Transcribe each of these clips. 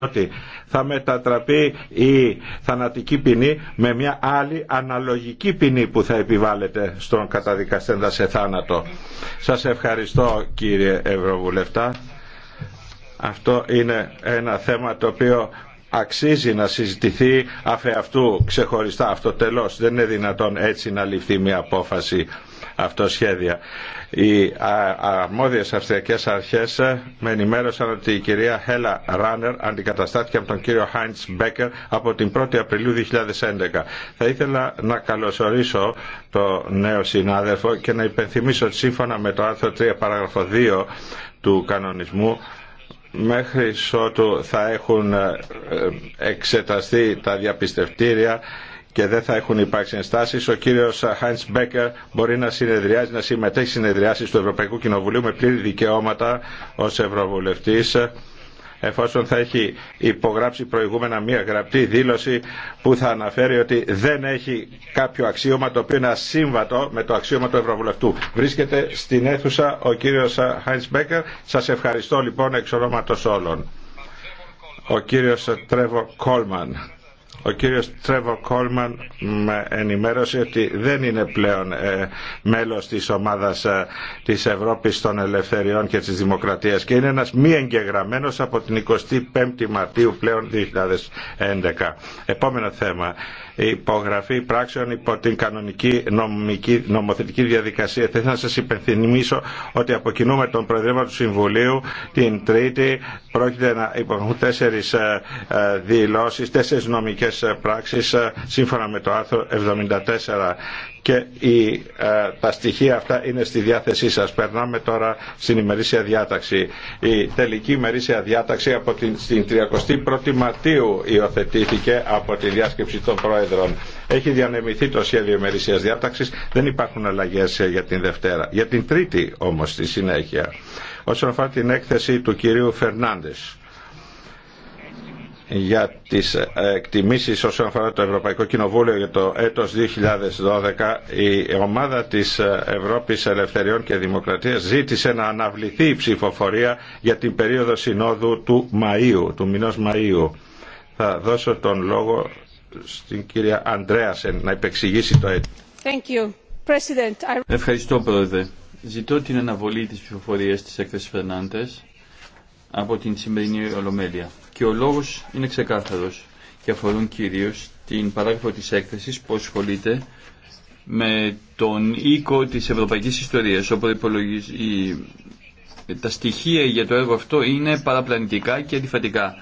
ότι θα μετατραπεί η θανατική ποινή με μια άλλη αναλογική ποινή που θα επιβάλλεται στον καταδικαστέντα σε θάνατο. Σας ευχαριστώ κύριε Ευρωβουλευτά. Αυτό είναι ένα θέμα το οποίο αξίζει να συζητηθεί αφ' αυτού ξεχωριστά. Αυτό τελώς δεν είναι δυνατόν έτσι να ληφθεί μια απόφαση αυτοσχέδια. Οι αρμόδιες αυστριακέ αρχέ ε, με ενημέρωσαν ότι η κυρία Χέλα Ράνερ αντικαταστάθηκε από τον κύριο Χάιντ Μπέκερ από την 1η Απριλίου 2011. Θα ήθελα να καλωσορίσω το νέο συνάδελφο και να υπενθυμίσω ότι σύμφωνα με το άρθρο 3 παράγραφο 2 του κανονισμού μέχρι ότου θα έχουν ε, ε, εξεταστεί τα διαπιστευτήρια και δεν θα έχουν υπάρξει ενστάσεις. Ο κύριος Χάιντς Μπέκερ μπορεί να συνεδριάζει, να συμμετέχει συνεδριάσεις του Ευρωπαϊκού Κοινοβουλίου με πλήρη δικαιώματα ως Ευρωβουλευτής εφόσον θα έχει υπογράψει προηγούμενα μία γραπτή δήλωση που θα αναφέρει ότι δεν έχει κάποιο αξίωμα το οποίο είναι ασύμβατο με το αξίωμα του Ευρωβουλευτού. Βρίσκεται στην αίθουσα ο κύριος Χάιντς Μπέκερ. Σας ευχαριστώ λοιπόν εξ ονόματος όλων. Ο κύριος Τρέβο Κόλμαν. Ο κύριος Τρέβο Κόλμαν με ενημέρωσε ότι δεν είναι πλέον ε, μέλος της ομάδας ε, της Ευρώπης των Ελευθεριών και της Δημοκρατίας και είναι ένας μη εγγεγραμμένος από την 25η Μαρτίου πλέον 2011. Επόμενο θέμα υπογραφή πράξεων υπό την κανονική νομική, νομοθετική διαδικασία. Θα ήθελα να σας υπενθυμίσω ότι αποκοινούμε τον Προεδρεύμα του Συμβουλίου την Τρίτη πρόκειται να υπογραφούν τέσσερις ε, ε, δηλώσεις, τέσσερις νομικές ε, πράξεις σύμφωνα με το άρθρο 74 και η, ε, τα στοιχεία αυτά είναι στη διάθεσή σας. Περνάμε τώρα στην ημερήσια διάταξη. Η τελική ημερήσια διάταξη από την, στην 31η Μαρτίου υιοθετήθηκε από τη διάσκεψη των Πρόεδρων. Έχει διανεμηθεί το σχέδιο ημερήσια διάταξη. Δεν υπάρχουν αλλαγέ για την Δευτέρα. Για την Τρίτη όμω στη συνέχεια. Όσον αφορά την έκθεση του κυρίου Φερνάντες για τις εκτιμήσεις όσον αφορά το Ευρωπαϊκό Κοινοβούλιο για το έτος 2012 η ομάδα της Ευρώπης Ελευθεριών και Δημοκρατίας ζήτησε να αναβληθεί η ψηφοφορία για την περίοδο συνόδου του Μαΐου, του μηνός Μαΐου. Θα δώσω τον λόγο στην κυρία Αντρέασεν να υπεξηγήσει το έτος. Ευχαριστώ Πρόεδρε. Ζητώ την αναβολή της ψηφοφορίας της έκθεσης Φερνάντες από την σημερινή Ολομέλεια. Και ο λόγος είναι ξεκάθαρος και αφορούν κυρίως την παράγραφο της έκθεσης που ασχολείται με τον οίκο της ευρωπαϊκής ιστορίας. Όπου τα στοιχεία για το έργο αυτό είναι παραπλανητικά και αντιφατικά.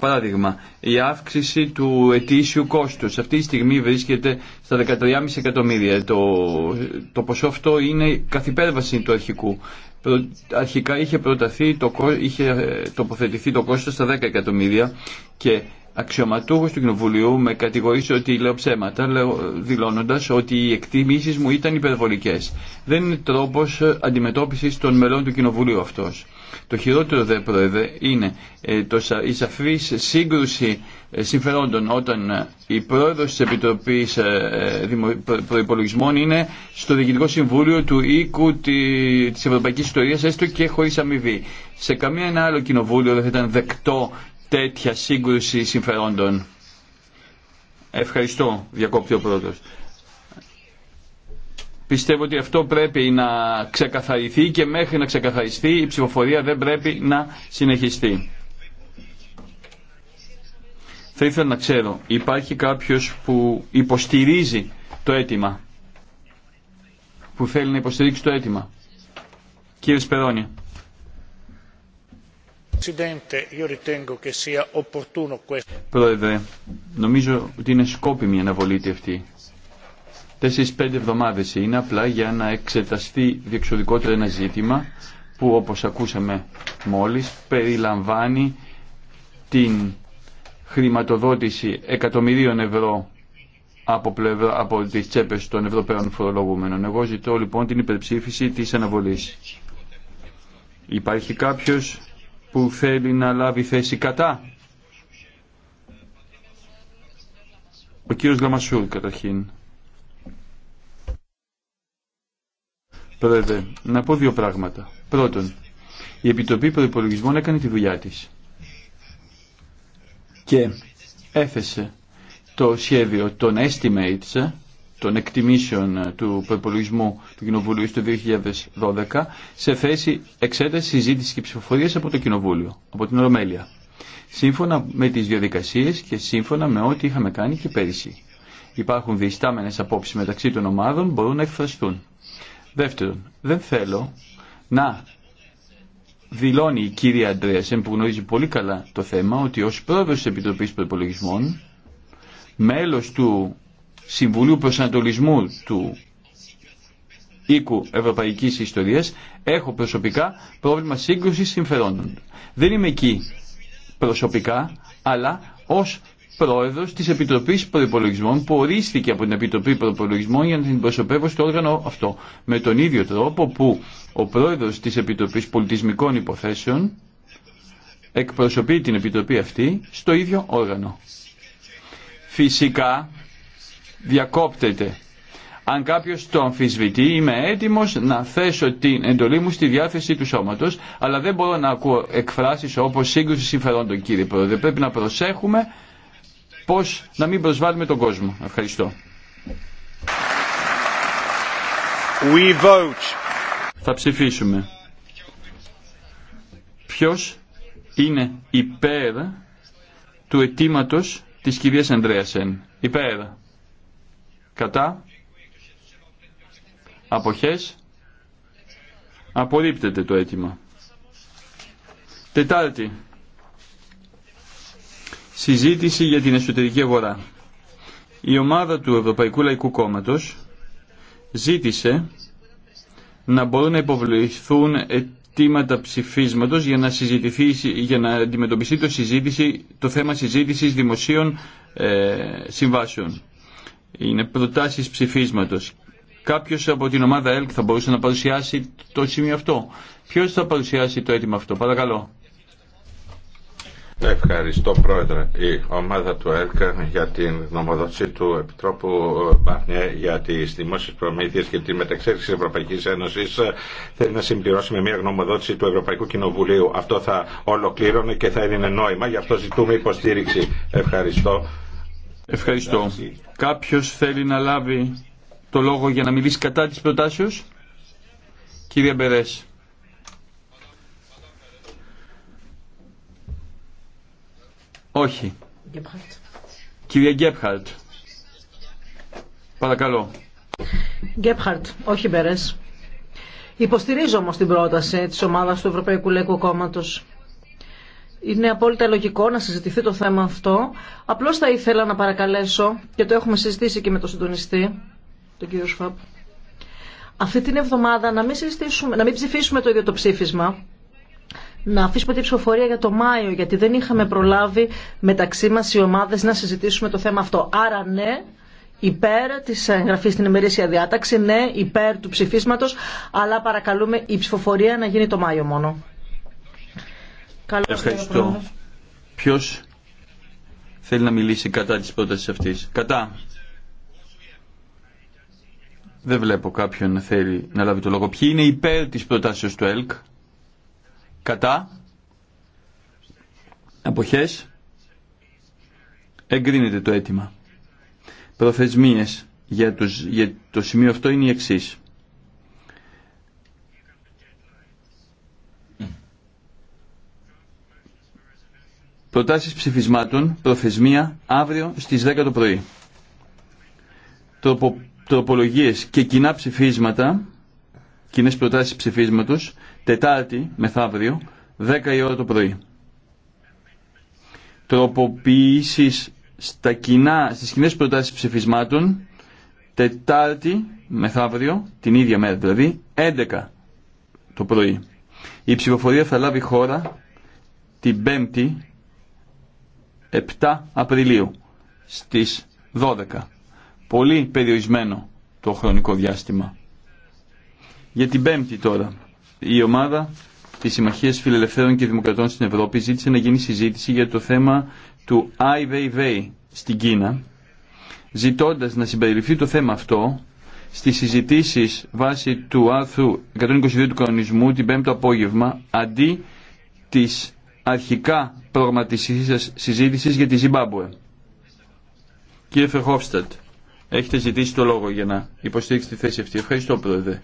Παράδειγμα, η αύξηση του ετήσιου κόστους. Αυτή τη στιγμή βρίσκεται στα 13,5 εκατομμύρια. Το, το ποσό αυτό είναι καθυπέρβαση του αρχικού. Αρχικά είχε, προταθεί το, είχε ε, τοποθετηθεί το κόστος στα 10 εκατομμύρια και αξιωματούχος του Κοινοβουλίου με κατηγορήσει ότι λέω ψέματα, δηλώνοντας ότι οι εκτιμήσεις μου ήταν υπερβολικές. Δεν είναι τρόπος ε, αντιμετώπισης των μελών του Κοινοβουλίου αυτός. Το χειρότερο δε πρόεδρε είναι ε, το, η σαφή σύγκρουση ε, συμφερόντων όταν ε, η πρόεδρος της Επιτροπής Προϋπολογισμών είναι στο Διοικητικό Συμβούλιο του οίκου της Ευρωπαϊκής Ιστορίας έστω και χωρίς αμοιβή. Σε καμία ένα άλλο κοινοβούλιο δεν θα ήταν δεκτό τέτοια σύγκρουση συμφερόντων. Ευχαριστώ, διακόπτει ο πρόεδρος. Πιστεύω ότι αυτό πρέπει να ξεκαθαριστεί και μέχρι να ξεκαθαριστεί η ψηφοφορία δεν πρέπει να συνεχιστεί. Θα ήθελα να ξέρω, υπάρχει κάποιος που υποστηρίζει το αίτημα, που θέλει να υποστηρίξει το αίτημα. Κύριε Σπερόνια. Πρόεδρε, νομίζω ότι είναι σκόπιμη η αναβολή αυτή τέσσερις πέντε εβδομάδες είναι απλά για να εξεταστεί διεξοδικότερα ένα ζήτημα που όπως ακούσαμε μόλις περιλαμβάνει την χρηματοδότηση εκατομμυρίων ευρώ από, πλευρά, από τις τσέπες των Ευρωπαίων φορολογούμενων. Εγώ ζητώ λοιπόν την υπερψήφιση της αναβολής. Υπάρχει κάποιος που θέλει να λάβει θέση κατά. Ο κύριος Λαμασούρ καταρχήν. Πρόεδρε, να πω δύο πράγματα. Πρώτον, η Επιτροπή Προπολογισμών έκανε τη δουλειά της και έθεσε το σχέδιο των estimates, των εκτιμήσεων του προπολογισμού του Κοινοβουλίου στο 2012 σε θέση εξέταση, συζήτηση και ψηφοφορία από το Κοινοβούλιο, από την Ορομέλεια. Σύμφωνα με τις διαδικασίες και σύμφωνα με ό,τι είχαμε κάνει και πέρυσι. Υπάρχουν διστάμενε απόψεις μεταξύ των ομάδων μπορούν να εκφραστούν. Δεύτερον, δεν θέλω να δηλώνει η κυρία Αντρέασεν που γνωρίζει πολύ καλά το θέμα ότι ως πρόεδρος της Επιτροπής Προπολογισμών, μέλος του Συμβουλίου Προσανατολισμού του οίκου Ευρωπαϊκής Ιστορίας, έχω προσωπικά πρόβλημα σύγκρουσης συμφερόντων. Δεν είμαι εκεί προσωπικά, αλλά ως πρόεδρο τη επιτροπή Προπολογισμών που ορίστηκε από την Επιτροπή Προπολογισμών για να την προσωπεύω στο όργανο αυτό. Με τον ίδιο τρόπο που ο πρόεδρο τη επιτροπή Πολιτισμικών Υποθέσεων εκπροσωπεί την Επιτροπή αυτή στο ίδιο όργανο. Φυσικά διακόπτεται. Αν κάποιο το αμφισβητεί είμαι έτοιμο να θέσω την εντολή μου στη διάθεση του σώματο, αλλά δεν μπορώ να ακούω εκφράσει όπω σύγκρουση συμφερόντων κύριε Πρόεδρε. Πρέπει να προσέχουμε πώς να μην προσβάλλουμε τον κόσμο. Ευχαριστώ. vote. Θα ψηφίσουμε. Ποιος είναι υπέρ του αιτήματο της κυρίας Ανδρέασεν. Υπέρ. Κατά. Αποχές. Απορρίπτεται το αίτημα. Τετάρτη. Συζήτηση για την εσωτερική αγορά. Η ομάδα του Ευρωπαϊκού Λαϊκού Κόμματος ζήτησε να μπορούν να υποβληθούν αιτήματα ψηφίσματος για να, συζητηθεί, για να αντιμετωπιστεί το, συζήτηση, το θέμα συζήτησης δημοσίων ε, συμβάσεων. Είναι προτάσεις ψηφίσματος. Κάποιος από την ομάδα ΕΛΚ θα μπορούσε να παρουσιάσει το σημείο αυτό. Ποιος θα παρουσιάσει το αίτημα αυτό. Παρακαλώ. Ευχαριστώ πρόεδρε. Η ομάδα του ΕΛΚΑ για την νομοδότηση του Επιτρόπου ε, Μπαρνιέ για τι δημόσιε προμήθειε και τη μεταξέλιξη τη Ευρωπαϊκή Ένωση ε, θέλει να συμπληρώσει με μια γνωμοδότηση του Ευρωπαϊκού Κοινοβουλίου. Αυτό θα ολοκλήρωνε και θα έδινε νόημα. Γι' αυτό ζητούμε υποστήριξη. Ευχαριστώ. Ευχαριστώ. Κάποιο θέλει να λάβει το λόγο για να μιλήσει κατά τη προτάσεω. Κύριε Μπερές. Όχι. Κύριε Κυρία Γκέπχαρτ. Παρακαλώ. Γκέπχαρτ, όχι Μπερές. Υποστηρίζω όμω την πρόταση της ομάδας του Ευρωπαϊκού Λαϊκού Κόμματο. Είναι απόλυτα λογικό να συζητηθεί το θέμα αυτό. Απλώς θα ήθελα να παρακαλέσω, και το έχουμε συζητήσει και με τον συντονιστή, τον κύριο Σφαπ, αυτή την εβδομάδα να μην, να μην ψηφίσουμε το ίδιο το ψήφισμα, να αφήσουμε την ψηφοφορία για το Μάιο, γιατί δεν είχαμε προλάβει μεταξύ μα οι ομάδε να συζητήσουμε το θέμα αυτό. Άρα ναι, υπέρ τη εγγραφή στην ημερήσια διάταξη, ναι, υπέρ του ψηφίσματο, αλλά παρακαλούμε η ψηφοφορία να γίνει το Μάιο μόνο. Καλώς Ευχαριστώ. Ποιο θέλει να μιλήσει κατά τη πρόταση αυτή. Κατά. Δεν βλέπω κάποιον να θέλει να λάβει το λόγο. Ποιοι είναι υπέρ της προτάσεως του ΕΛΚ κατά αποχές εγκρίνεται το αίτημα. Προθεσμίες για το, το σημείο αυτό είναι οι εξής. Προτάσεις ψηφισμάτων, προθεσμία, αύριο στις 10 το πρωί. Τροπο, τροπολογίες και κοινά ψηφίσματα, κοινές προτάσεις ψηφίσματος, Τετάρτη, μεθαύριο, 10 η ώρα το πρωί. Τροποποιήσει στα κοινά, στις κοινέ προτάσεις ψηφισμάτων, Τετάρτη, μεθαύριο, την ίδια μέρα δηλαδή, 11 το πρωί. Η ψηφοφορία θα λάβει χώρα την 5η, 7 Απριλίου, στις 12. Πολύ περιορισμένο το χρονικό διάστημα. Για την 5η τώρα η ομάδα της Συμμαχίας Φιλελευθέρων και Δημοκρατών στην Ευρώπη ζήτησε να γίνει συζήτηση για το θέμα του Ai Weiwei στην Κίνα, ζητώντας να συμπεριληφθεί το θέμα αυτό στις συζητήσεις βάσει του άρθρου 122 του κανονισμού την 5ο απόγευμα, αντί της αρχικά σα συζήτησης για τη Ζιμπάμπουε. Κύριε Φερχόφστατ, έχετε ζητήσει το λόγο για να υποστήριξετε τη θέση αυτή. Ευχαριστώ, Πρόεδρε.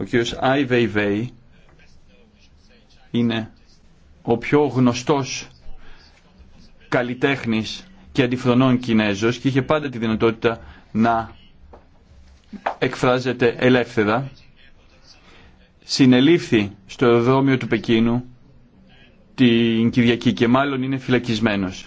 Ο κύριος Άι Βέι είναι ο πιο γνωστός καλλιτέχνης και αντιφρονών Κινέζος και είχε πάντα τη δυνατότητα να εκφράζεται ελεύθερα. Συνελήφθη στο αεροδρόμιο του Πεκίνου την Κυριακή και μάλλον είναι φυλακισμένος.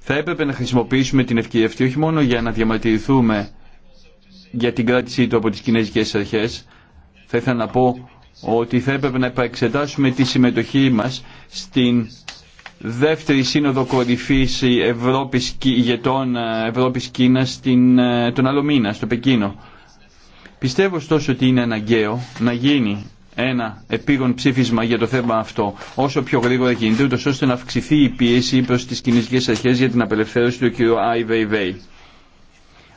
Θα έπρεπε να χρησιμοποιήσουμε την ευκαιρία αυτή όχι μόνο για να διαμαρτυρηθούμε για την κράτησή του από τις Κινέζικες Αρχές, θα ήθελα να πω ότι θα έπρεπε να επαεξετάσουμε τη συμμετοχή μας στην δεύτερη σύνοδο κορυφής Ευρώπης, ηγετών ε, Ευρώπης-Κίνας στην, ε, τον άλλο μήνα, στο Πεκίνο. Πιστεύω ωστόσο ότι είναι αναγκαίο να γίνει ένα επίγον ψήφισμα για το θέμα αυτό όσο πιο γρήγορα γίνεται, ούτως ώστε να αυξηθεί η πίεση προς τις κινησικές αρχές για την απελευθέρωση του κ. Άι Βέι.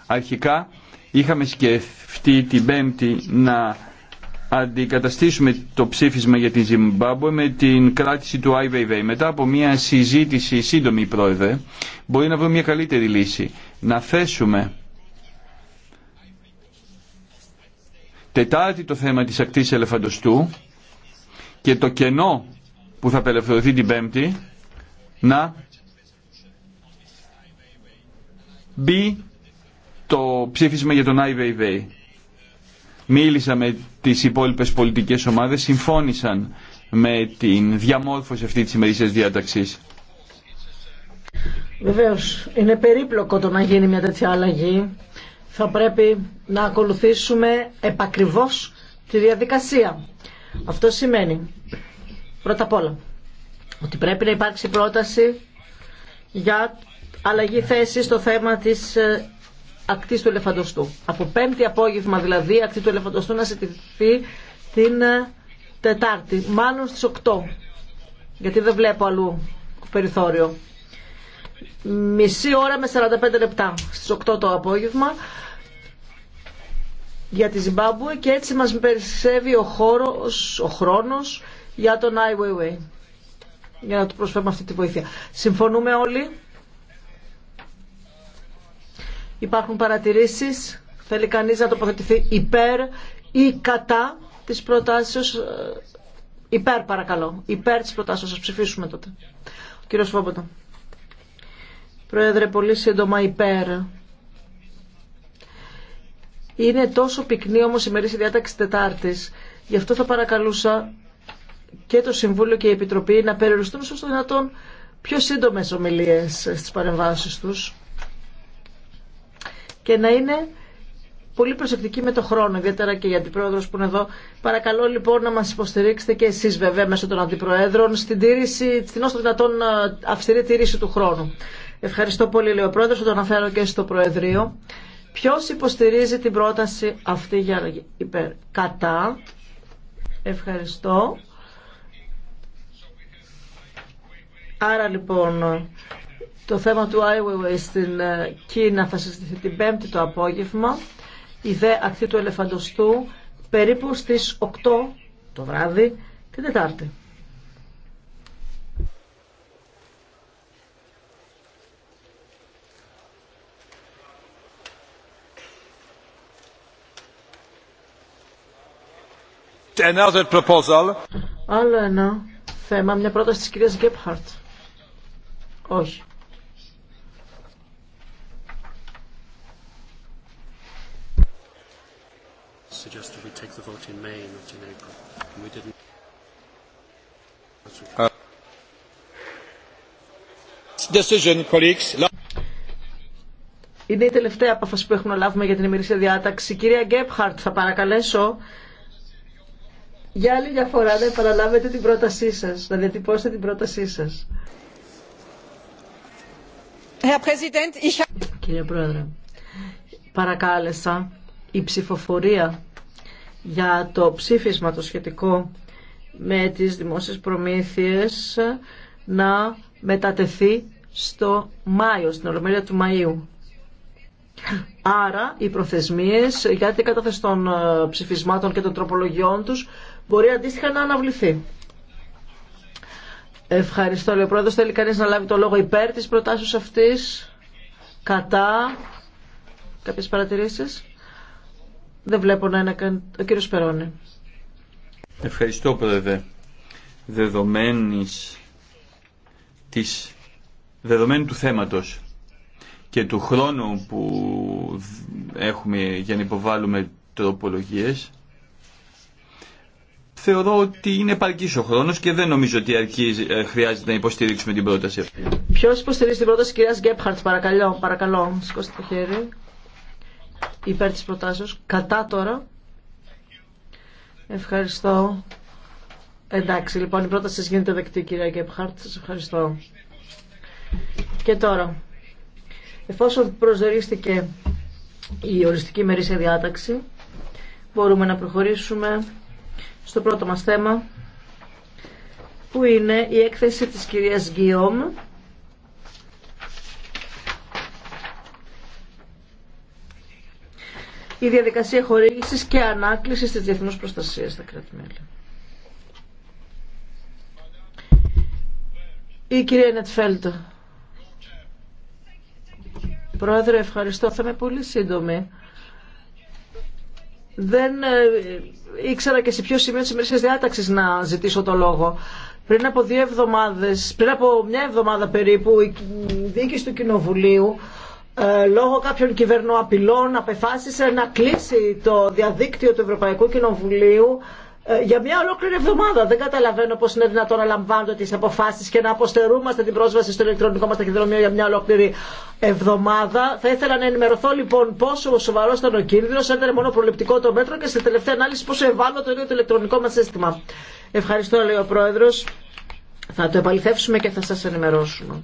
Αρχικά είχαμε σκεφτεί την Πέμπτη να αντικαταστήσουμε το ψήφισμα για την Ζιμπάμπουε με την κράτηση του IVV. Μετά από μια συζήτηση σύντομη, πρόεδρε, μπορεί να βρούμε μια καλύτερη λύση. Να θέσουμε Τετάρτη το θέμα της ακτής ελεφαντοστού και το κενό που θα απελευθερωθεί την Πέμπτη να μπει το ψήφισμα για τον IVV. Μίλησα με τις υπόλοιπες πολιτικές ομάδες, συμφώνησαν με την διαμόρφωση αυτή της ημερήσιας διάταξης. Βεβαίως, είναι περίπλοκο το να γίνει μια τέτοια αλλαγή. Θα πρέπει να ακολουθήσουμε επακριβώς τη διαδικασία. Αυτό σημαίνει, πρώτα απ' όλα, ότι πρέπει να υπάρξει πρόταση για αλλαγή θέση στο θέμα της ε, ακτή του Ελεφαντοστού. Από πέμπτη απόγευμα δηλαδή ακτή του Ελεφαντοστού να συντηρηθεί την ε, Τετάρτη, μάλλον στις 8. Γιατί δεν βλέπω αλλού περιθώριο. Μισή ώρα με 45 λεπτά στις 8 το απόγευμα για τη Ζιμπάμπουε και έτσι μας περισσεύει ο, χώρος, ο χρόνος για τον Ai για να του προσφέρουμε αυτή τη βοήθεια. Συμφωνούμε όλοι. Υπάρχουν παρατηρήσεις. Θέλει κανείς να τοποθετηθεί υπέρ ή κατά της προτάσεως. Ε, υπέρ παρακαλώ. Υπέρ της προτάσεως. Ας ψηφίσουμε τότε. Ο κύριος Φόμποτα. Πρόεδρε, πολύ σύντομα υπέρ. Είναι τόσο πυκνή όμως η μερίση διάταξη Τετάρτης. Γι' αυτό θα παρακαλούσα και το Συμβούλιο και η Επιτροπή να περιοριστούν όσο δυνατόν πιο σύντομες ομιλίες στις παρεμβάσεις τους και να είναι πολύ προσεκτική με το χρόνο, ιδιαίτερα και την Αντιπρόεδρο που είναι εδώ. Παρακαλώ λοιπόν να μα υποστηρίξετε και εσεί βέβαια μέσω των Αντιπροέδρων στην, τήρηση, στην όσο δυνατόν ε, αυστηρή τήρηση του χρόνου. Ευχαριστώ πολύ, λέει ο Πρόεδρο, το αναφέρω και στο Προεδρείο. Ποιο υποστηρίζει την πρόταση αυτή για να κατά. Ευχαριστώ. Άρα λοιπόν το θέμα του Άιουεϊ στην ε, Κίνα θα συζητηθεί την Πέμπτη το απόγευμα. Η δε ακτή του ελεφαντοστού περίπου στις 8 το βράδυ την Τετάρτη. Άλλο ένα θέμα, μια πρόταση της κυρίας Γκέπχαρτ. Όχι. suggested we take the vote in May, not in April. And we didn't. Decision, colleagues. Είναι η τελευταία απόφαση που έχουμε να λάβουμε για την ημερήσια διάταξη. Κυρία Γκέπχαρτ, θα παρακαλέσω για άλλη μια φορά να επαναλάβετε την πρότασή σα, να διατυπώσετε την πρότασή σα. Κύριε Πρόεδρε, παρακάλεσα η ψηφοφορία για το ψήφισμα το σχετικό με τις δημόσιες προμήθειες να μετατεθεί στο Μάιο, στην Ολομέλεια του Μαΐου. Άρα οι προθεσμίες για την κατάθεση των ε, ψηφισμάτων και των τροπολογιών τους μπορεί αντίστοιχα να αναβληθεί. Ευχαριστώ, λέει ο Θέλει κανείς να λάβει το λόγο υπέρ της προτάσεως αυτής, κατά κάποιες παρατηρήσεις. Δεν βλέπω να είναι καν... Ο κύριος Περόνι. Ευχαριστώ πρόεδρε. Δεδομένης της... Δεδομένου του θέματος και του χρόνου που έχουμε για να υποβάλουμε τροπολογίες θεωρώ ότι είναι επαρκή ο χρόνο και δεν νομίζω ότι αρκεί, ε, χρειάζεται να υποστηρίξουμε την πρόταση αυτή. Ποιο υποστηρίζει την πρόταση, κυρία Γκέπχαρτ, παρακαλώ, παρακαλώ, σηκώστε το χέρι υπέρ της προτάσεως. Κατά τώρα. Ευχαριστώ. Εντάξει, λοιπόν, η πρόταση σας γίνεται δεκτή, κυρία Κεπχάρτ. Σας ευχαριστώ. Και τώρα, εφόσον προσδιορίστηκε η οριστική μερίσια διάταξη, μπορούμε να προχωρήσουμε στο πρώτο μας θέμα, που είναι η έκθεση της κυρίας Γκίομ, η διαδικασία χορήγησης και ανάκλησης της διεθνούς προστασίας στα κράτη-μέλη. Η κυρία Νετφέλτ. Πρόεδρε, ευχαριστώ. Θα είμαι πολύ σύντομη. Δεν ε, ήξερα και σε ποιο σημείο τη ημερήσια διάταξη να ζητήσω το λόγο. Πριν από δύο εβδομάδες, πριν από μια εβδομάδα περίπου, η διοίκηση του Κοινοβουλίου ε, λόγω κάποιων κυβερνοαπειλών απεφάσισε να κλείσει το διαδίκτυο του Ευρωπαϊκού Κοινοβουλίου ε, για μια ολόκληρη εβδομάδα. Δεν καταλαβαίνω πώ είναι δυνατόν να λαμβάνονται τι αποφάσει και να αποστερούμαστε την πρόσβαση στο ηλεκτρονικό μα ταχυδρομείο για μια ολόκληρη εβδομάδα. Θα ήθελα να ενημερωθώ λοιπόν πόσο σοβαρό ήταν ο κίνδυνο, αν ήταν μόνο προληπτικό το μέτρο και σε τελευταία ανάλυση πόσο ευάλωτο είναι το ηλεκτρονικό μα σύστημα. Ευχαριστώ, λέει ο Πρόεδρο. Θα το επαληθεύσουμε και θα σα ενημερώσουμε.